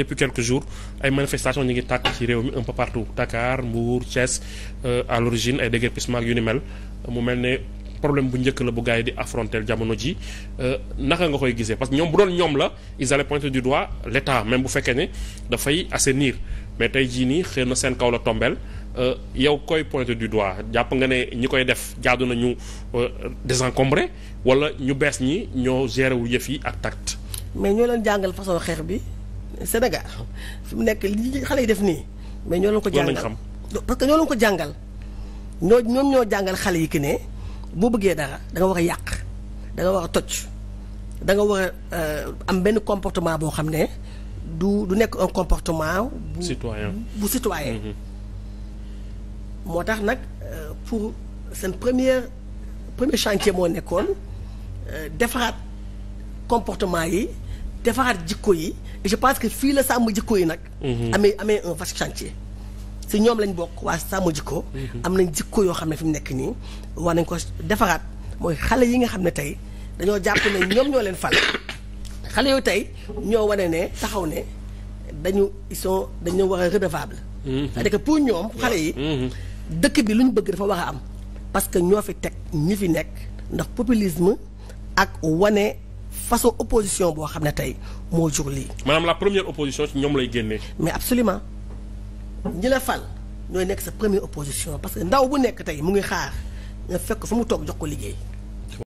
depuis quelques jours ay manifestations ñu ngi tàkk ci réew mi un peu partout Dakar Mbour Thiès euh, à l'origine ay déguerpissement ak yu ni mel mu mel ne problème bu njëkk la bu gars yi di affronter jamono ji euh, naka nga koy gisee parce que ñoom bu doon ñoom la ils allaient pointer du doigt l'État même bu fekkee ne dafay assainir mais tey jii nii xëy seen kaw la tombeel euh, yow koy pointer du doigt jàpp nga ne ñi koy def jaadu nañu désencombré wala ñu bees ñi ñoo gérer wu yëf yi ak tact Sénégal fi mu nekk li xale yi def nii mais ñoo leen ko jàngal parce que ñoo leen ko jàngal ñoo ñoom ñoo jàngal xale yi ki ne boo bëggee dara danga war a yàq da nga war a toj da nga war a euh, am benn comportement boo xam ne du du nekk un comportement bu citoyen bu mm-hmm. moo tax nag euh, pour seen première premier chantier moo nekkoon euh, defaraat comportement yi defaraat jikko yi je pense que fii la sàmm jikko yi nag. Mhm. amee amee un vaste chantier. si ñoom lañ bokk waa sàmm jikko. Mhm. am nañ jikko yoo xam ne fi mu nekk nii war nañ ko defaraat mooy xale yi nga xam ne tey dañoo jàpp ne ñoom ñoo leen fal. xale yoo tey ñoo wane ne taxaw ne dañu ils sont dañu war a redevable. Mhm. cest pour ñoom xale yi. dëkk bi lu ñu bëgg dafa war a am. parce que ñoo fi teg ñi fi nekk ndax populisme ak wane. façon opposition boo xam ne tey moo jur lii. maanaam la première opposition ci ñoom lay génnee. mais absolument ñi la fal ñooy nekk sa première opposition parce que ndaw bu nekk tey mu ngi xaar nga fekk fu mu toog jox ko liggéey.